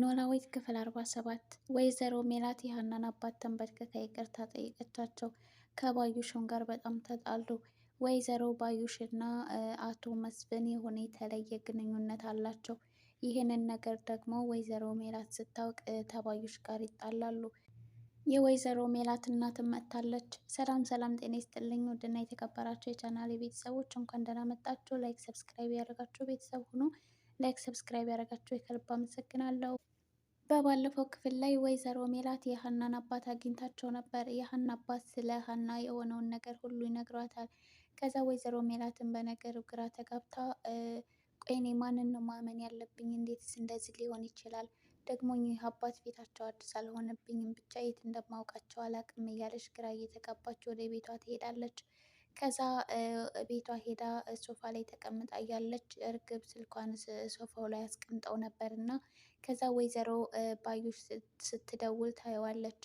ኖላዊት ክፍል 47 ወይዘሮ ሜላት የሀናን አባት ተንበርክካ ይቅርታ ጠይቀቻቸው። ከባዩሽን ጋር በጣም ተጣሉ። ወይዘሮ ባዩሽ ባዩሽና አቶ መስፍን የሆነ የተለየ ግንኙነት አላቸው። ይህንን ነገር ደግሞ ወይዘሮ ሜላት ስታውቅ ተባዩሽ ጋር ይጣላሉ። የወይዘሮ ሜላት እናትም መጥታለች። ሰላም ሰላም፣ ጤና ይስጥልኝ ውድና የተከበራቸው የቻናል ቤተሰቦች እንኳን ደህና መጣችሁ። ላይክ ሰብስክራይብ ያደረጋችሁ ቤተሰብ ሁኑ። ላይክ ሰብስክራይብ ያደረጋችሁ የከልብ አመሰግናለሁ። በባለፈው ክፍል ላይ ወይዘሮ ሜላት የሀናን አባት አግኝታቸው ነበር። የሀና አባት ስለ ሀና የሆነውን ነገር ሁሉ ይነግሯታል። ከዛ ወይዘሮ ሜላትን በነገሩ ግራ ተጋብታ ቆይኔ ማንን ነው ማመን ያለብኝ? እንዴትስ እንደዚህ ሊሆን ይችላል? ደግሞ ይህ አባት ቤታቸው አዲስ አልሆነብኝም፣ ብቻ የት እንደማውቃቸው አላቅም እያለች ግራ እየተጋባች ወደ ቤቷ ትሄዳለች። ከዛ ቤቷ ሄዳ ሶፋ ላይ ተቀምጣ እያለች እርግብ ስልኳን ሶፋው ላይ አስቀምጠው ነበር እና ከዛ ወይዘሮ ባዩሽ ስትደውል ታየዋለች።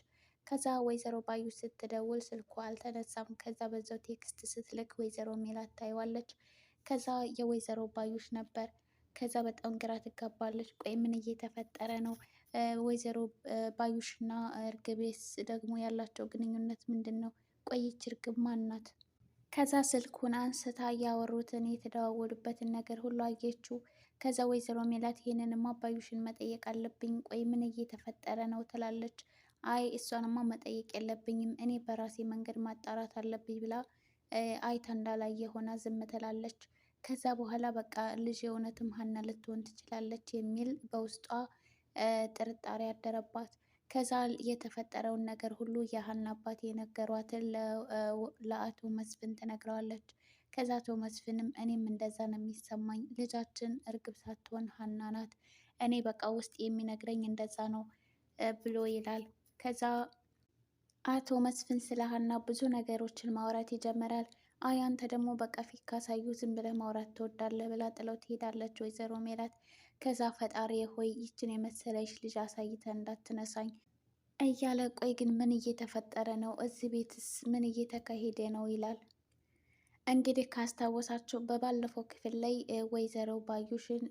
ከዛ ወይዘሮ ባዩሽ ስትደውል ስልኩ አልተነሳም። ከዛ በዛው ቴክስት ስትልክ ወይዘሮ ሜላት ታየዋለች። ከዛ የወይዘሮ ባዩሽ ነበር። ከዛ በጣም ግራ ትጋባለች። ቆይ ምን እየተፈጠረ ነው? ወይዘሮ ባዩሽና እርግቤስ ደግሞ ያላቸው ግንኙነት ምንድን ነው? ቆይች እርግብ ማን ናት? ከዛ ስልኩን አንስታ እያወሩትን የተደዋወሉበትን ነገር ሁሉ አየችው። ከዛ ወይዘሮ ሜላት ይህንንማ አባዩሽን መጠየቅ አለብኝ፣ ቆይ ምን እየተፈጠረ ነው ትላለች። አይ እሷንማ መጠየቅ የለብኝም እኔ በራሴ መንገድ ማጣራት አለብኝ ብላ አይታ እንዳላየ ሆና ዝም ትላለች። ከዛ በኋላ በቃ ልጅ የእውነትም ሀና ልትሆን ትችላለች የሚል በውስጧ ጥርጣሬ አደረባት። ከዛ የተፈጠረውን ነገር ሁሉ የሀና አባት የነገሯትን ለአቶ መስፍን ትነግረዋለች። ከዛ አቶ መስፍንም እኔም እንደዛ ነው የሚሰማኝ፣ ልጃችን እርግብ ሳትሆን ሀና ናት፣ እኔ በቃ ውስጥ የሚነግረኝ እንደዛ ነው ብሎ ይላል። ከዛ አቶ መስፍን ስለ ሀና ብዙ ነገሮችን ማውራት ይጀምራል። አይ አንተ ደግሞ በቃ ፊት ካሳዩ ዝም ብለህ ማውራት ትወዳለህ ብላ ጥለው ትሄዳለች ወይዘሮ ሜላት። ከዛ ፈጣሪ ሆይ ይችን የመሰለች ልጅ አሳይተን እንዳትነሳኝ እያለ ቆይ ግን ምን እየተፈጠረ ነው? እዚህ ቤትስ ምን እየተካሄደ ነው? ይላል እንግዲህ ካስታወሳቸው በባለፈው ክፍል ላይ ወይዘሮ ባዩሽን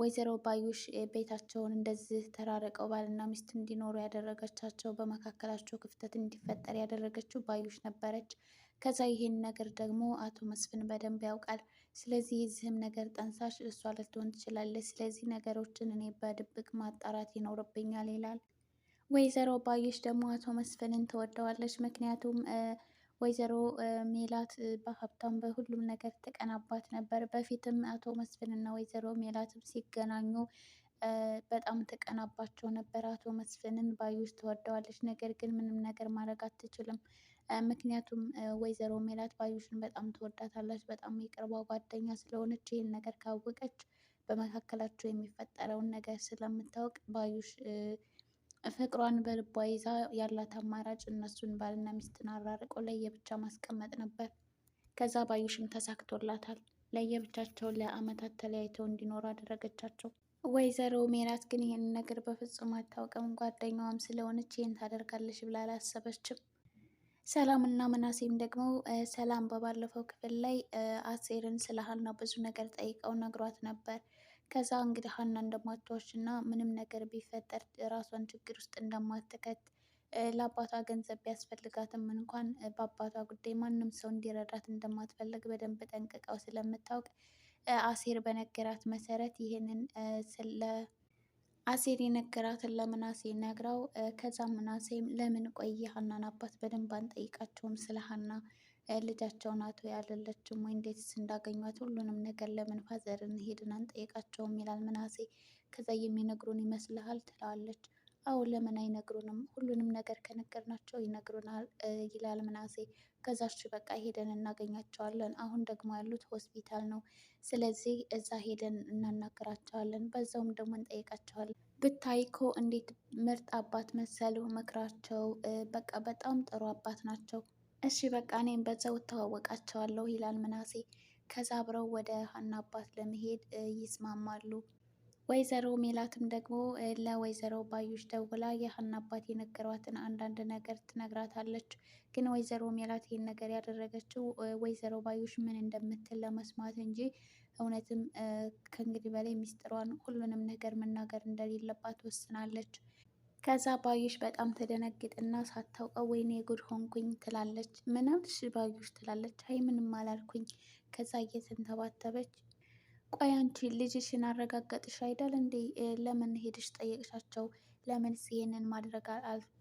ወይዘሮ ባዩሽ ቤታቸውን እንደዚህ ተራርቀው ባልና ሚስት እንዲኖሩ ያደረገቻቸው በመካከላቸው ክፍተት እንዲፈጠር ያደረገችው ባዩሽ ነበረች። ከዛ ይሄን ነገር ደግሞ አቶ መስፍን በደንብ ያውቃል። ስለዚህ የዚህም ነገር ጠንሳሽ እሷ ልትሆን ትችላለች። ስለዚህ ነገሮችን እኔ በድብቅ ማጣራት ይኖርብኛል ይላል። ወይዘሮ ባየሽ ደግሞ አቶ መስፍንን ትወደዋለች። ምክንያቱም ወይዘሮ ሜላት በሀብታም በሁሉም ነገር ተቀናባት ነበር። በፊትም አቶ መስፍንና ወይዘሮ ሜላትም ሲገናኙ በጣም ተቀናባቸው ነበር። አቶ መስፍንን ባዩሽ ትወደዋለች፣ ነገር ግን ምንም ነገር ማድረግ አትችልም። ምክንያቱም ወይዘሮ ሜላት ባዩሽን በጣም ትወዳታለች። በጣም የቅርቧ ጓደኛ ስለሆነች ይህን ነገር ካወቀች በመካከላቸው የሚፈጠረውን ነገር ስለምታውቅ ባዩሽ ፍቅሯን በልቧ ይዛ ያላት አማራጭ እነሱን ባልና ሚስትን አራርቆ ለየብቻ ማስቀመጥ ነበር። ከዛ ባዩሽም ተሳክቶላታል። ለየብቻቸው ለአመታት ተለያይተው እንዲኖሩ አደረገቻቸው። ወይዘሮ ሜላት ግን ይህን ነገር በፍጹም አታውቅም። ጓደኛዋም ስለሆነች ይህን ታደርጋለች ብላ አላሰበችም። ሰላም እና ምናሴም ደግሞ ሰላም በባለፈው ክፍል ላይ አሴርን ስለ ሀና ብዙ ነገር ጠይቀው ነግሯት ነበር። ከዛ እንግዲህ ሀና እንደማትዋሽ እና ምንም ነገር ቢፈጠር ራሷን ችግር ውስጥ እንደማትከት ለአባቷ ገንዘብ ቢያስፈልጋትም እንኳን በአባቷ ጉዳይ ማንም ሰው እንዲረዳት እንደማትፈልግ በደንብ ጠንቅቀው ስለምታውቅ አሴር በነገራት መሰረት ይህንን ስለ አሴር የነገራትን ለምናሴ ነግራው፣ ከዛ ምናሴም ለምን ቆይ ሀናን አባት በደንብ አንጠይቃቸውም ስለ ሀና ልጃቸው ናቶ ያለለችም ወይ እንዴትስ እንዳገኟት ሁሉንም ነገር ለምን ፋዘርን ሄድን አንጠይቃቸውም ይላል ምናሴ። ከዛ የሚነግሩን ይመስልሃል ትለዋለች። አዎ ለምን አይነግሩንም? ሁሉንም ነገር ከነገርናቸው ይነግሩናል ይላል ምናሴ። ከዛሽ በቃ ሄደን እናገኛቸዋለን። አሁን ደግሞ ያሉት ሆስፒታል ነው። ስለዚህ እዛ ሄደን እናናገራቸዋለን፣ በዛውም ደግሞ እንጠይቃቸዋለን። ብታይ ኮ እንዴት ምርጥ አባት መሰሉ፣ ምክራቸው በቃ በጣም ጥሩ አባት ናቸው። እሺ በቃ እኔም በዛው እተዋወቃቸዋለሁ ይላል ምናሴ። ከዛ አብረው ወደ ሀና አባት ለመሄድ ይስማማሉ። ወይዘሮ ሜላትም ደግሞ ለወይዘሮ ባዩሽ ደውላ የሀና አባት የነገሯትን አንዳንድ ነገር ትነግራታለች። ግን ወይዘሮ ሜላት ይህን ነገር ያደረገችው ወይዘሮ ባዩሽ ምን እንደምትል ለመስማት እንጂ እውነትም ከእንግዲህ በላይ ሚስጥሯን ሁሉንም ነገር መናገር እንደሌለባት ወስናለች። ከዛ ባዩሽ በጣም ተደነግጥና ሳታውቀው ወይኔ የጉድ ሆንኩኝ ትላለች። ምናልሽ ባዩሽ ትላለች። አይ ምንም አላልኩኝ። ከዛ እየተንተባተበች ቆይ አንቺ ልጅሽን አረጋገጥሽ አይደል እንዴ? ለምን ሄድሽ ጠየቅሻቸው? ለምንስ ይህንን ማድረግ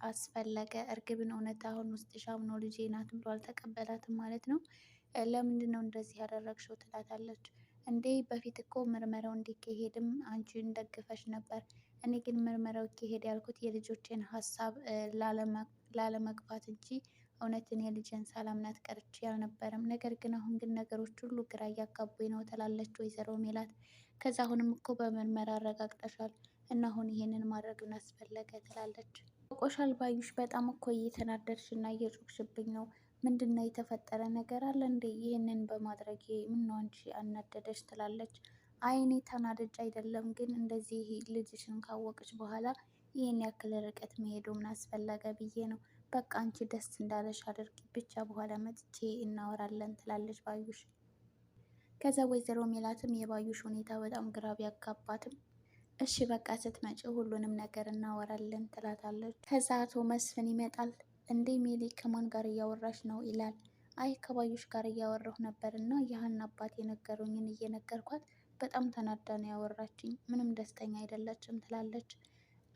አስፈለገ? እርግብን እውነት አሁን ውስጥሽ አምኖ ልጄ ናት ብሎ አልተቀበላትም ማለት ነው። ለምንድን ነው እንደዚህ ያደረግሽው? ትላታለች። እንዴ በፊት እኮ ምርመራው እንዲካሄድም አንቺን ደግፈሽ ነበር። እኔ ግን ምርመራው ይካሄድ ያልኩት የልጆችን ሀሳብ ላለመግፋት እንጂ እውነት እኔ ልጄን ሳላምናት ቀርቼ አልነበረም። ነገር ግን አሁን ግን ነገሮች ሁሉ ግራ እያጋቡኝ ነው ትላለች ወይዘሮ ሜላት። ከዛ አሁንም እኮ በምርመራ አረጋግጠሻል እና አሁን ይሄንን ማድረግ ምን አስፈለገ ትላለች። ቆሻል ባዩሽ በጣም እኮ እየተናደድሽ እና እየጮክሽብኝ ነው። ምንድን ነው የተፈጠረ ነገር አለ እንዴ? ይህንን በማድረጌ ምነው አንቺ አናደደሽ ትላለች። አይኔ ተናደጅ አይደለም ግን እንደዚህ ልጅሽን ካወቅሽ በኋላ ይህን ያክል ርቀት መሄዱ ምን አስፈለገ ብዬ ነው በቃ አንቺ ደስ እንዳለሽ አድርጊ ብቻ በኋላ መጥቼ እናወራለን ትላለች ባዩሽ። ከዛ ወይዘሮ ሜላትም የባዩሽ ሁኔታ በጣም ግራ ቢያጋባትም እሺ በቃ ስትመጪ ሁሉንም ነገር እናወራለን ትላታለች። ከዛ አቶ መስፍን ይመጣል። እንዴ ሜሊ ከማን ጋር እያወራሽ ነው ይላል። አይ ከባዩሽ ጋር እያወራሁ ነበር እና ያህን አባት የነገሩኝን እየነገርኳት በጣም ተናዳ ነው ያወራችኝ። ምንም ደስተኛ አይደለችም ትላለች።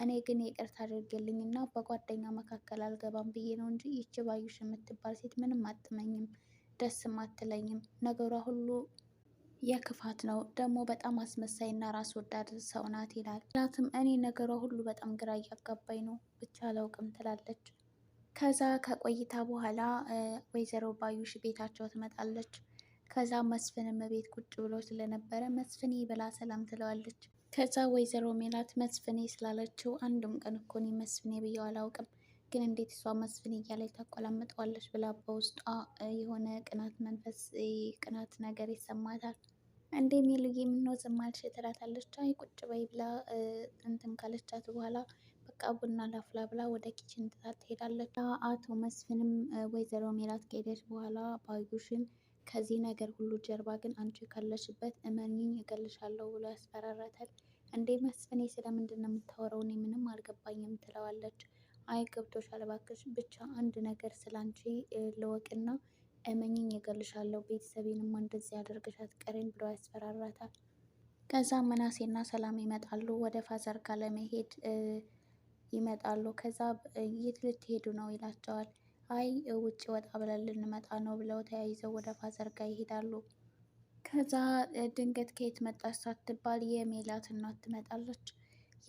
እኔ ግን ይቅርታ አድርግልኝ እና በጓደኛ መካከል አልገባም ብዬ ነው እንጂ ይቺ ባዩሽ የምትባል ሴት ምንም አትመኝም፣ ደስም አትለኝም። ነገሯ ሁሉ የክፋት ነው። ደግሞ በጣም አስመሳይ እና ራስ ወዳድ ሰው ናት ይላል። ምክንያቱም እኔ ነገሯ ሁሉ በጣም ግራ እያጋባኝ ነው፣ ብቻ አላውቅም ትላለች። ከዛ ከቆይታ በኋላ ወይዘሮ ባዩሽ ቤታቸው ትመጣለች። ከዛ መስፍንም ቤት ቁጭ ብሎ ስለነበረ መስፍን ብላ ሰላም ትለዋለች። ከዛ ወይዘሮ ሜላት መስፍኔ ስላለችው አንድም ቀን እኮ እኔ መስፍኔ ብዬው አላውቅም፣ ግን እንዴት እሷ መስፍኔ እያለች ታቆላምጠዋለች ብላ በውስጧ የሆነ ቅናት መንፈስ ቅናት ነገር ይሰማታል። እንደ ሚሉዬ የምነው ዝም አልሽ ትላታለች። አይ ቁጭ በይ ብላ እንትን ካለቻት በኋላ በቃ ቡና ላፍላ ብላ ወደ ኪችን ትሄዳለች። አቶ መስፍንም ወይዘሮ ሜላት ከሄደች በኋላ ባዩሽን ከዚህ ነገር ሁሉ ጀርባ ግን አንቺ ካለሽበት እመኝኝ እገልሻለሁ ብሎ ያስፈራራታል። እንዴ መስፍኔ ስለምንድን ነው የምታወራው? እኔ ምንም አልገባኝም ትለዋለች። አይ ገብቶሻል እባክሽ፣ ብቻ አንድ ነገር ስለ አንቺ ልወቅና እመኝኝ እገልሻለሁ፣ ቤተሰቤንም እንደዚህ ያደርግሽ አትቀሪም ብሎ ያስፈራራታል። ከዛ መናሴና ሰላም ይመጣሉ። ወደ ፋዘር ለመሄድ ይመጣሉ። ከዛ የት ልትሄዱ ነው ይላቸዋል። አይ ውጭ ወጣ ብለን ልንመጣ ነው ብለው ተያይዘው ወደ ፋዘር ጋር ይሄዳሉ። ከዛ ድንገት ከየት መጣች ሳትባል የሜላት እናት ትመጣለች።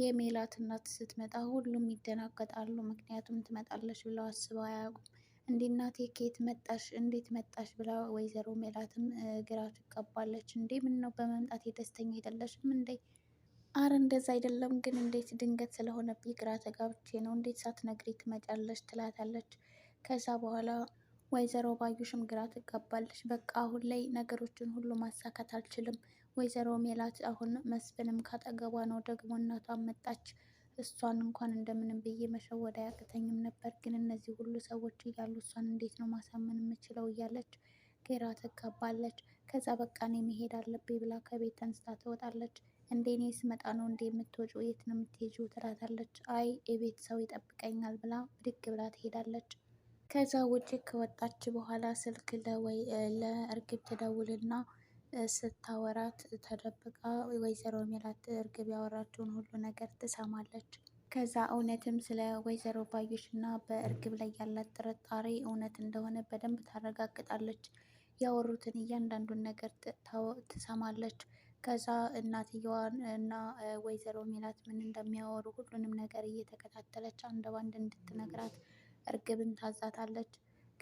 የሜላት እናት ስትመጣ ሁሉም ይደናገጣሉ። ምክንያቱም ትመጣለች ብለው አስበው አያውቁም። እንዲ እናቴ ከየት መጣሽ እንዴት መጣሽ ብላ ወይዘሮ ሜላትም ግራ ትቀባለች። እንዴ ምን ነው በመምጣት የደስተኛ አይደለሽም እንዴ? አረ እንደዛ አይደለም ግን እንዴት ድንገት ስለሆነብኝ ግራ ተጋብቼ ነው። እንዴት ሳትነግሪ ትመጫለሽ? ትላታለች ከዛ በኋላ ወይዘሮ ባዩሽም ግራ ትጋባለች። በቃ አሁን ላይ ነገሮችን ሁሉ ማሳካት አልችልም። ወይዘሮ ሜላት አሁን መስፍንም ካጠገቧ ነው። ደግሞ እናቷ መጣች። እሷን እንኳን እንደምንም ብዬ መሸወድ አያቅተኝም ነበር፣ ግን እነዚህ ሁሉ ሰዎች እያሉ እሷን እንዴት ነው ማሳመን የምችለው? እያለች ግራ ትጋባለች። ከዛ በቃ እኔ መሄድ አለብኝ ብላ ከቤት ተንስታ ትወጣለች። እንዴ እኔ ስመጣ ነው እንዴ የምትወጪው? የት ነው የምትሄጂው? ትላታለች። አይ የቤት ሰው ይጠብቀኛል ብላ ብድግ ብላ ትሄዳለች። ከዛ ውጭ ከወጣች በኋላ ስልክ ለወይ ለእርግብ ትደውልና ስታወራት ተደብቃ ወይዘሮ ሜላት እርግብ ያወራችውን ሁሉ ነገር ትሰማለች። ከዛ እውነትም ስለ ወይዘሮ ባዩሽ እና በእርግብ ላይ ያላት ጥርጣሬ እውነት እንደሆነ በደንብ ታረጋግጣለች። ያወሩትን እያንዳንዱን ነገር ትሰማለች። ከዛ እናትየዋን እና ወይዘሮ ሜላት ምን እንደሚያወሩ ሁሉንም ነገር እየተከታተለች አንድ ባንድ እንድትነግራት እርግብን ታዛታለች።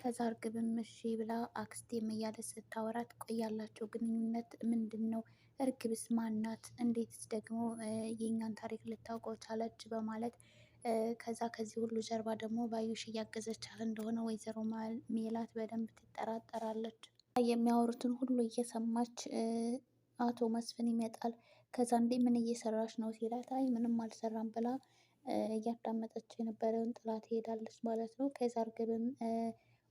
ከዛ እርግብም እሺ ብላ አክስቴም እያለች ስታወራት ቆያላቸው ግንኙነት ምንድን ነው? እርግብስ ማናት? እንዴትስ ደግሞ የእኛን ታሪክ ልታውቀው ቻለች? በማለት ከዛ ከዚህ ሁሉ ጀርባ ደግሞ ባዩሽ እያገዘቻት እንደሆነ ወይዘሮ ሜላት በደንብ ትጠራጠራለች። የሚያወሩትን ሁሉ እየሰማች አቶ መስፍን ይመጣል። ከዛ እንዴ ምን እየሰራች ነው ሲላት፣ አይ ምንም አልሰራም ብላ እያዳመጠች የነበረውን ጥላት ትሄዳለች ማለት ነው። ከዛ እርግብም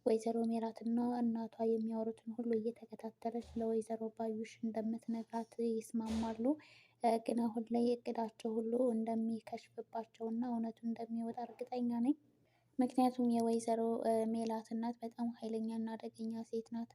ወይዘሮ ሜላትና እናቷ የሚያወሩትን ሁሉ እየተከታተለች ለወይዘሮ ባዩሽ እንደምትነግራት ይስማማሉ። ግን አሁን ላይ እቅዳቸው ሁሉ እንደሚከሽፍባቸው እና እውነቱ እንደሚወጣ እርግጠኛ ነኝ። ምክንያቱም የወይዘሮ ሜላት እናት በጣም ኃይለኛ እና አደገኛ ሴት ናት።